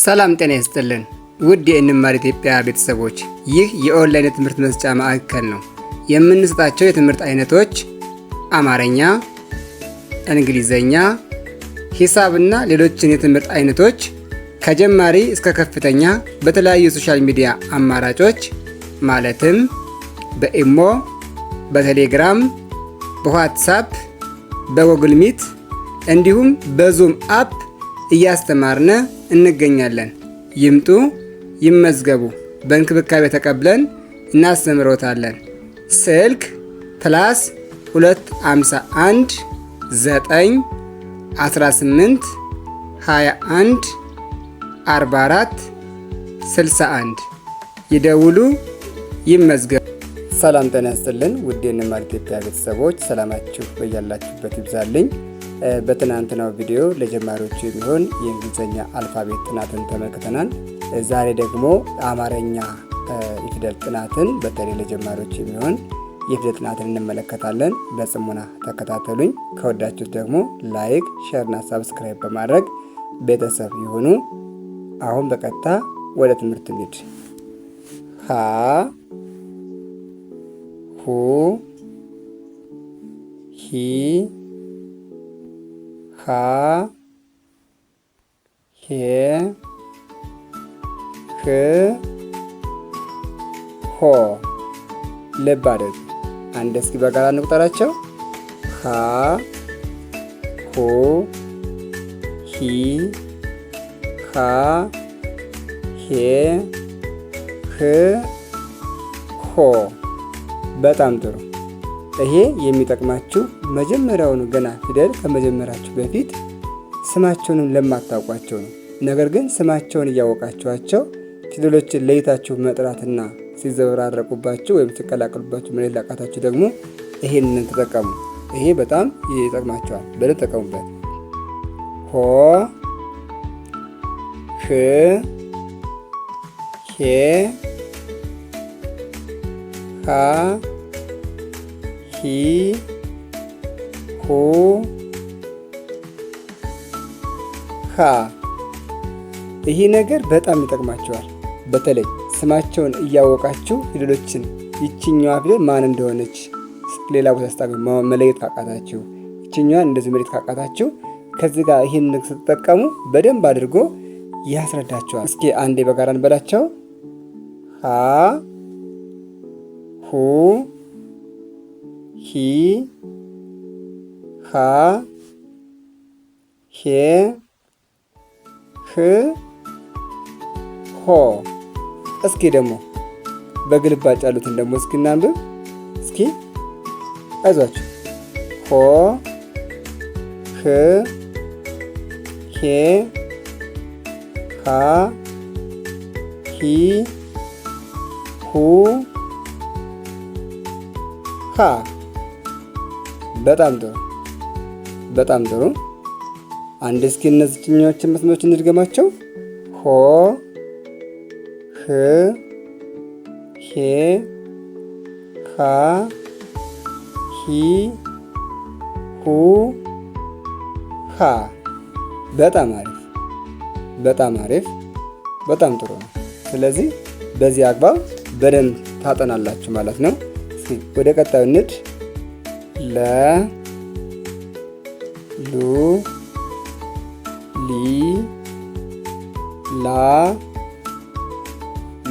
ሰላም ጤና ይስጥልን ውድ የእንማር ኢትዮጵያ ቤተሰቦች፣ ይህ የኦንላይን ትምህርት መስጫ ማዕከል ነው። የምንሰጣቸው የትምህርት አይነቶች አማርኛ፣ እንግሊዘኛ፣ ሂሳብና ሌሎችን የትምህርት አይነቶች ከጀማሪ እስከ ከፍተኛ በተለያዩ የሶሻል ሚዲያ አማራጮች ማለትም በኢሞ፣ በቴሌግራም፣ በዋትሳፕ፣ በጎግል ሚት እንዲሁም በዙም አፕ እያስተማርነ እንገኛለን። ይምጡ፣ ይመዝገቡ። በእንክብካቤ ተቀብለን እናስተምሮታለን። ስልክ ፕላስ 251 9 18 21 44 61 ይደውሉ፣ ይመዝገቡ። ሰላም ጤና ያስጥልን። ውድ የንማርኬት ቤተሰቦች ሰላማችሁ በያላችሁበት ይብዛልኝ። በትናንትናው ቪዲዮ ለጀማሪዎቹ የሚሆን የእንግሊዝኛ አልፋቤት ጥናትን ተመልክተናል። ዛሬ ደግሞ አማርኛ የፊደል ጥናትን በተለይ ለጀማሪዎች የሚሆን የፊደል ጥናትን እንመለከታለን። በጽሞና ተከታተሉኝ። ከወዳችሁት ደግሞ ላይክ፣ ሼርና ሳብስክራይብ በማድረግ ቤተሰብ ይሁኑ። አሁን በቀጥታ ወደ ትምህርት እንሂድ። ሀ ሁ ሂ ሀ ሄ ህ ሆ። ልብ አድርጉ። አንድ እስኪ በጋራ እንቁጠራቸው። ሀ ሁ ሂ ሀ ሄ ህ ሆ። በጣም ጥሩ። ይሄ የሚጠቅማችሁ መጀመሪያውኑ ገና ፊደል ከመጀመራችሁ በፊት ስማቸውንም ለማታውቋቸው ነው። ነገር ግን ስማቸውን እያወቃችኋቸው ፊደሎችን ለይታችሁ መጥራትና ሲዘበራረቁባችሁ ወይም ሲቀላቀሉባችሁ መለየት ላቃታችሁ ደግሞ ይሄንን ተጠቀሙ። ይሄ በጣም ይጠቅማቸዋል። በደንብ ተጠቀሙበት። ሆ ህ ሄ ሃ ሂ ሁ ሃ ይህ ነገር በጣም ይጠቅማቸዋል። በተለይ ስማቸውን እያወቃችሁ ፊደሎችን ይችኛዋ ፊደል ማን እንደሆነች ሌላ ቦታ ስታገኙ መለየት ካቃታችሁ፣ ይችኛዋን እንደዚህ መለየት ካቃታችሁ ከዚህ ጋር ይህን ስትጠቀሙ በደንብ አድርጎ ያስረዳቸዋል። እስኪ አንዴ በጋራ እንበላቸው። ሃ ሁ ሂ ሃ ሄ ህ ሆ። እስኪ ደግሞ በግልባጭ ያሉትን ደግሞ እስኪ እናንብብ። እስኪ አይዟችሁ። ሆ ህ ሄ ሃ ሂ ሁ ሃ በጣም ጥሩ በጣም ጥሩ። አንድ እስኪ እነዚህ ጭኛዎችን መስመሮች እንድገማቸው። ሆ ህ ሄ ሃ ሂ ሁ ሃ። በጣም አሪፍ በጣም አሪፍ በጣም ጥሩ ነው። ስለዚህ በዚህ አግባብ በደንብ ታጠናላችሁ ማለት ነው። ወደ ቀጣዩ ንድ ለ ሉ ሊ ላ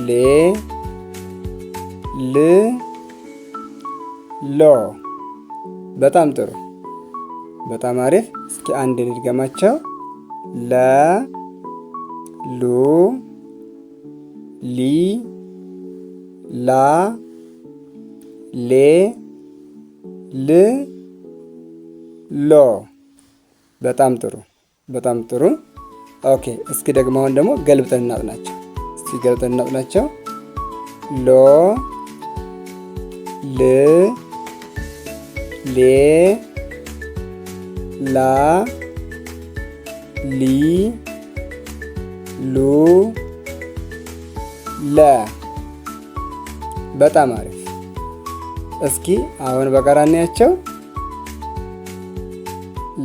ሌ ል ሎ በጣም ጥሩ በጣም አሪፍ። እስኪ አንድ ልድገማቸው። ለ ሉ ሊ ላ ሌ ል ሎ በጣም ጥሩ በጣም ጥሩ። ኦኬ እስኪ ደግሞ አሁን ደግሞ ገልብጠን እናጥናቸው። እስኪ ገልብጠን እናጥናቸው። ሎ ል ሌ ላ ሊ ሉ ለ በጣም አሪፍ እስኪ አሁን በጋራ እናያቸው።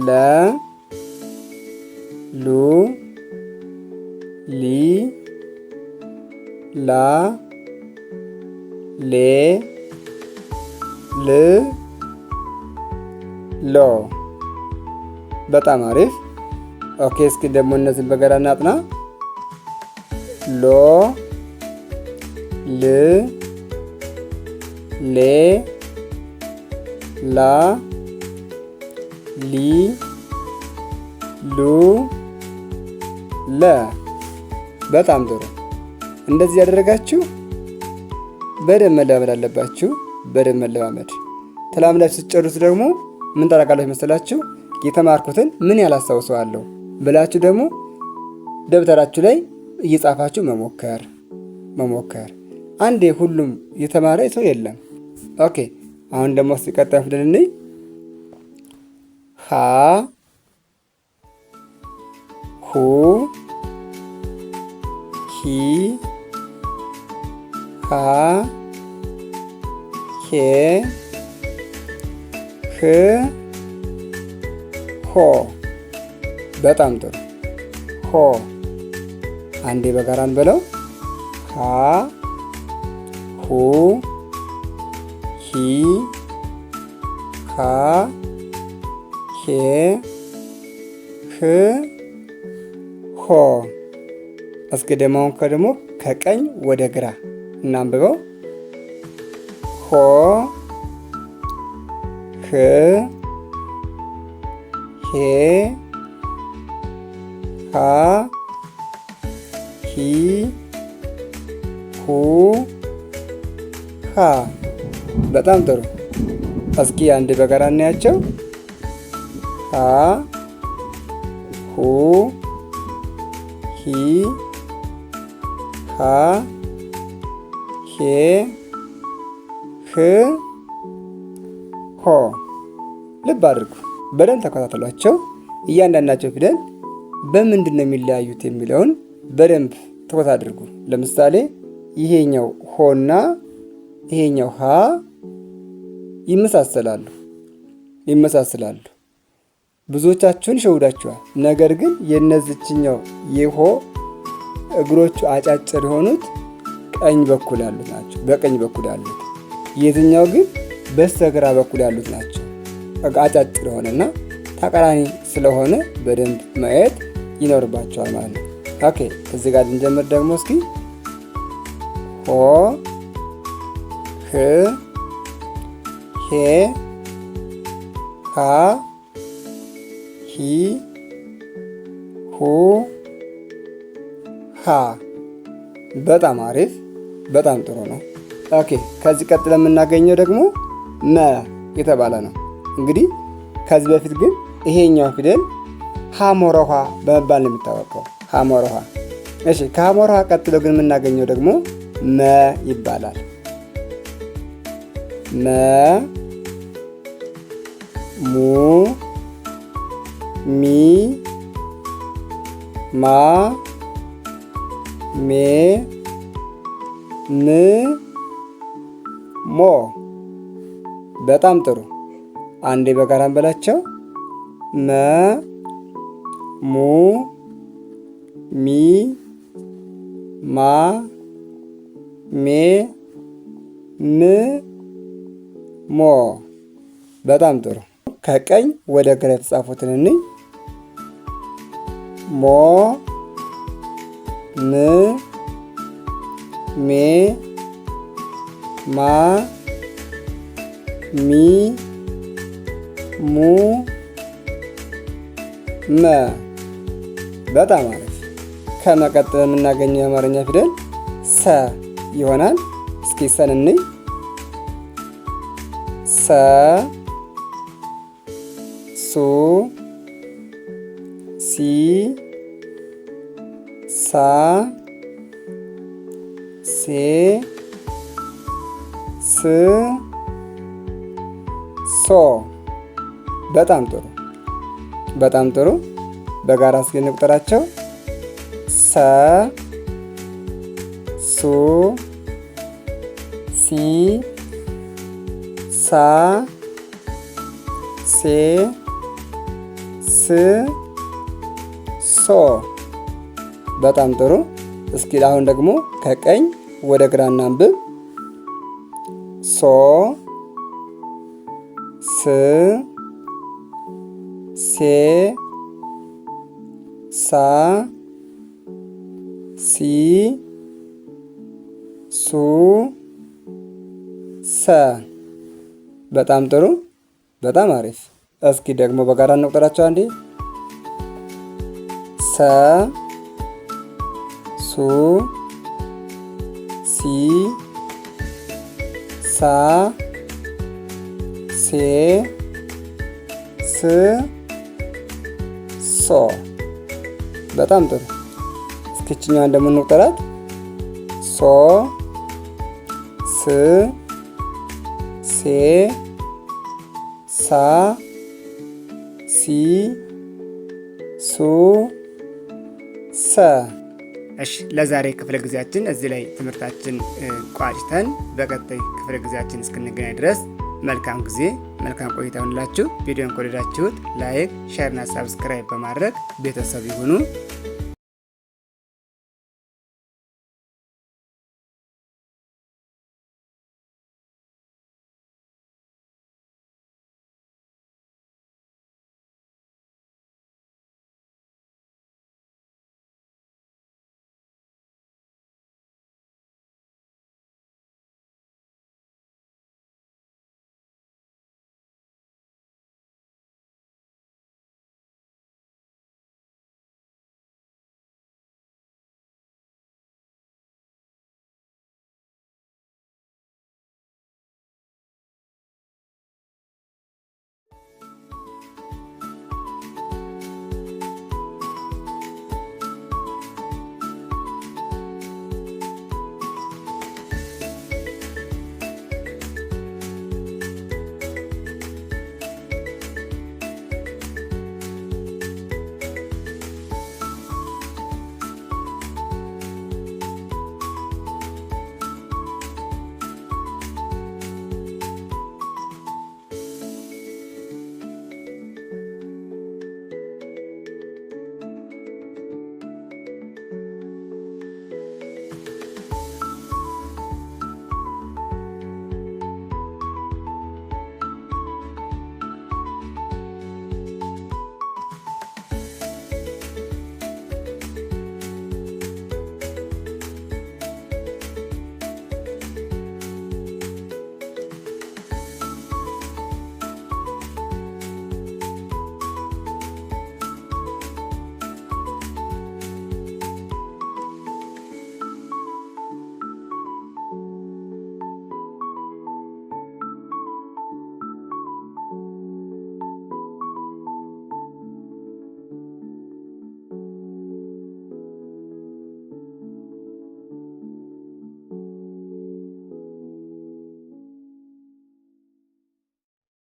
ለ ሉ ሊ ላ ሌ ል ሎ። በጣም አሪፍ። ኦኬ፣ እስኪ ደግሞ እነዚህን በጋራ እናጥና። ሎ ል ሌ ላ ሊ ሉ ለ። በጣም ጥሩ። እንደዚህ ያደረጋችሁ በደንብ መለማመድ አለባችሁ። በደንብ መለማመድ ተላምዳችሁ ስትጨርሱ ደግሞ ምን ታደርጋላችሁ መሰላችሁ? የተማርኩትን ምን ያህል አስታውሰዋለሁ ብላችሁ ደግሞ ደብተራችሁ ላይ እየጻፋችሁ መሞከር መሞከር። አንዴ ሁሉም የተማረ ሰው የለም። Oke, okay. Anda masih kata dan ini ha hu hi ha ke ke ho betam tuh ho Andi bagaran belo ha hu ሂ ሃ ሄ ህ ሆ አስገደማውን ከ ከቀኝ ወደ ግራ እናንብበው። ሆ ህ ሄ ሃ ሂ ሁ ሃ በጣም ጥሩ። እስኪ አንድ በጋራ እናያቸው። ሀ ሁ ሂ ሃ ሄ ህ ሆ። ልብ አድርጉ፣ በደንብ ተከታተሏቸው። እያንዳንዳቸው ፊደል በምንድን ነው የሚለያዩት የሚለውን በደንብ ትኩረት አድርጉ። ለምሳሌ ይሄኛው ሆና ይሄኛው ሃ ይመሳሰላሉ ይመሳሰላሉ። ብዙዎቻችሁን ይሸውዳችኋል። ነገር ግን የእነዚችኛው ይሆ እግሮቹ አጫጭር የሆኑት ቀኝ በኩል ያሉት ናቸው፣ በቀኝ በኩል ያሉት የትኛው ግን በስተግራ በኩል ያሉት ናቸው። አጫጭር የሆነና ተቃራኒ ስለሆነ በደንብ ማየት ይኖርባቸዋል ማለት ነው። ኦኬ እዚህ ጋር ልንጀምር ደግሞ እስኪ ሆ ህ ሄ ሃ ሂ ሁ ሃ። በጣም አሪፍ፣ በጣም ጥሩ ነው። ኦኬ ከዚህ ቀጥለ የምናገኘው ደግሞ መ የተባለ ነው። እንግዲህ ከዚህ በፊት ግን ይሄኛው ፊደል ሐሞረ ውሃ በመባል ነው የሚታወቀው። ሐሞረ ውሃ። እሺ ከሐሞረ ውሃ ቀጥሎ ግን የምናገኘው ደግሞ መ ይባላል። መ ሙ ሚ ማ ሜ ን ሞ። በጣም ጥሩ። አንዴ በጋራ እንበላቸው። መ ሙ ሚ ማ ሜ ን ሞ። በጣም ጥሩ። ከቀኝ ወደ ግራ የተጻፉትን እንይ። ሞ ም ሜ ማ ሚ ሙ መ። በጣም አሪፍ። ከመቀጠል የምናገኘው የአማርኛ ፊደል ሰ ይሆናል። እስኪ ሰን እንይ። ሰ ሱ ሲ ሳ ሴ ስ ሶ። በጣም ጥሩ በጣም ጥሩ። በጋራ እስኪ እንቁጠራቸው። ሰ ሱ ሲ ሳ ሴ ሶ በጣም ጥሩ። እስኪ አሁን ደግሞ ከቀኝ ወደ ግራ እናንብብ። ሶ ስ ሴ ሳ ሲ ሱ ሰ በጣም ጥሩ። በጣም አሪፍ እስኪ ደግሞ በጋራ እንቁጠራቸው። አንዴ ሰ ሱ ሲ ሳ ሴ ስ ሶ። በጣም ጥሩ። እስኪችኛዋን ደግሞ እንቁጠራት። ሶ ስ ሴ ሳ ሲ ሱ ሰ። እሺ ለዛሬ ክፍለ ጊዜያችን እዚህ ላይ ትምህርታችን ቋጭተን በቀጣይ ክፍለ ጊዜያችን እስክንገናኝ ድረስ መልካም ጊዜ መልካም ቆይታ ይሁንላችሁ። ቪዲዮን ከወደዳችሁት ላይክ፣ ሼርና ሳብስክራይብ በማድረግ ቤተሰብ ይሁኑ።